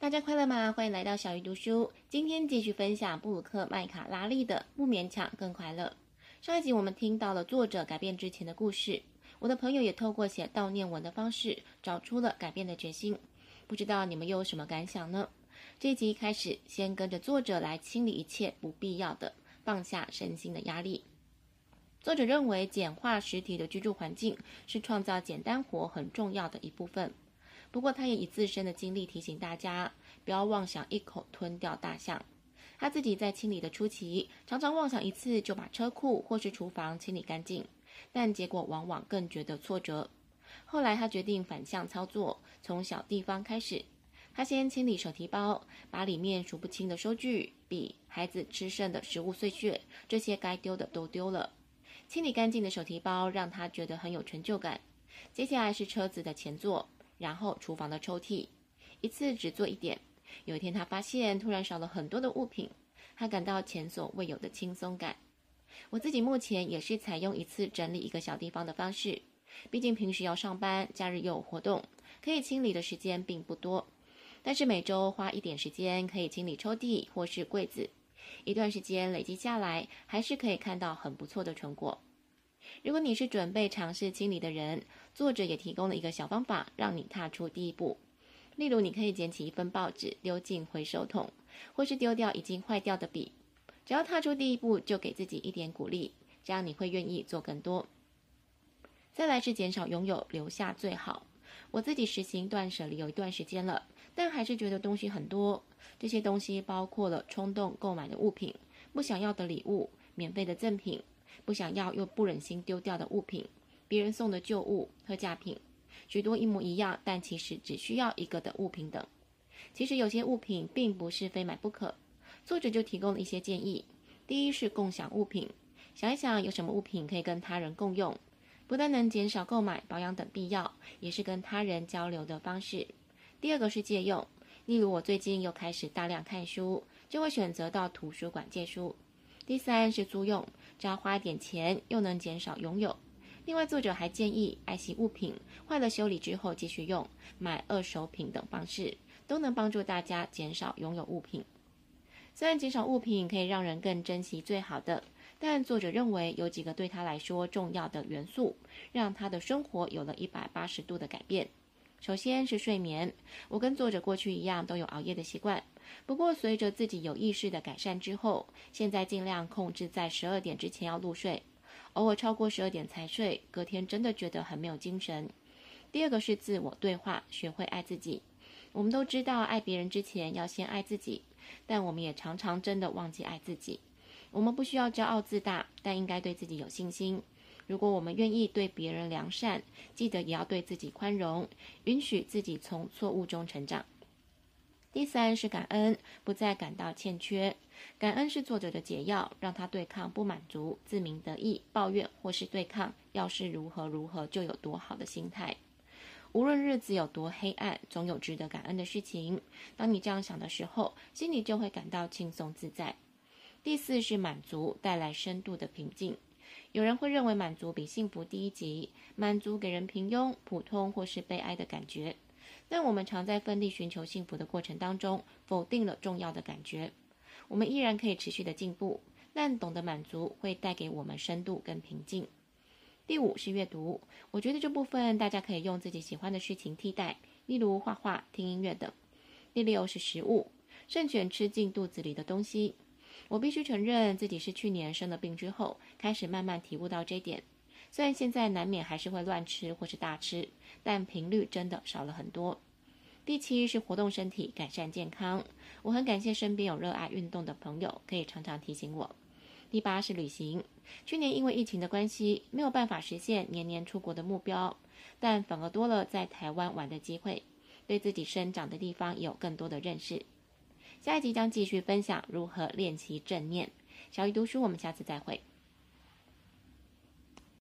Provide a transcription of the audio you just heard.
大家快樂嗎？歡迎來到小魚讀書。今天繼續分享布魯克麥卡拉莉的《不勉強更快樂》。上一集我們聽到了作者改變之前的故事，我的朋友也透過寫悼念文的方式，找出了改變的決心。不知道你們又有什麼感想呢？這一集一開始，先跟着作者來清理一切不必要的，放下身心的壓力。作者認為簡化實體的居住環境是創造簡單活很重要的一部分。不過，他也以自身的經歷提醒大家，不要妄想一口吞掉大象。他自己在清理的初期，常常妄想一次就把車庫或是廚房清理乾淨，但結果往往更覺得挫折。後來，他決定反向操作，從小地方開始。他先清理手提包，把裡面數不清的收據、筆、孩子吃剩的食物碎屑，這些該丟的都丟了。清理乾淨的手提包讓他覺得很有成就感。接下來是車子的前座。然後廚房的抽屜，一次只做一點。有一天，他發現突然少了很多的物品，他感到前所未有的輕鬆感。我自己目前也是採用一次整理一個小地方的方式，畢竟平時要上班，假日又有活動，可以清理的時間並不多。但是每週花一點時間可以清理抽屜或是櫃子，一段時間累積下來，還是可以看到很不錯的成果。如果你是準備嘗試清理的人，作者也提供了一個小方法，讓你踏出第一步。例如，你可以撿起一份報紙丟進回收桶，或是丟掉已經壞掉的筆。只要踏出第一步，就給自己一點鼓勵，這樣你會願意做更多。再來是減少擁有，留下最好。我自己實行斷捨離有一段時間了，但還是覺得東西很多。這些東西包括了衝動購買的物品、不想要的禮物、免費的贈品。不想要又不忍心丟掉的物品，別人送的舊物、特價品，許多一模一樣但其實只需要一個的物品等。其實有些物品並不是非買不可，作者就提供了一些建議。第一是共享物品，想一想有什麼物品可以跟他人共用，不但能減少購買、保養等必要，也是跟他人交流的方式。第二個是借用，例如我最近又開始大量看書，就會選擇到圖書館借書。第三是租用，只要花一點錢，又能減少擁有。另外，作者還建議愛惜物品壞了修理之後繼續用，買二手品等方式，都能幫助大家減少擁有物品。雖然減少物品可以讓人更珍惜最好的，但作者認為有幾個對他來說重要的元素，讓他的生活有了一百八十度的改變。首先是睡眠，我跟作者過去一樣都有熬夜的習慣，不過隨着自己有意識的改善之後，現在盡量控制在十二點之前要入睡，偶爾超過十二點才睡，隔天真的覺得很沒有精神。第二個是自我對話，學會愛自己。我們都知道愛別人之前要先愛自己，但我們也常常真的忘記愛自己。我們不需要驕傲自大，但應該對自己有信心。如果我們願意對別人良善，記得也要對自己寬容，允許自己從錯誤中成長。第三是感恩，不再感到欠缺。感恩是作者的解藥，讓他對抗不滿足、自鳴得意、抱怨或是對抗“要是如何如何就有多好的”心態。無論日子有多黑暗，總有值得感恩的事情。當你這樣想的時候，心裡就會感到輕鬆自在。第四是滿足，帶來深度的平靜。有人會認為滿足比幸福低一級，滿足給人平庸、普通或是悲哀的感覺。但我們常在奮力尋求幸福的過程當中，否定了重要的感覺。我們依然可以持續的進步，但懂得滿足會帶給我們深度跟平靜。第五是閱讀，我覺得這部分大家可以用自己喜歡的事情替代，例如畫畫、聽音樂等。第六是食物，慎選吃進肚子裡的東西。我必須承認，自己是去年生了病之後，開始慢慢體悟到這點。雖然現在難免還是會亂吃或是大吃，但頻率真的少了很多。第七是活動身體，改善健康。我很感謝身邊有熱愛運動的朋友，可以常常提醒我。第八是旅行。去年因為疫情的關係，沒有辦法實現年年出國的目標，但反而多了在台灣玩的機會，對自己生長的地方有更多的認識。下一集將繼續分享如何練習正念。小魚讀書，我們下次再會。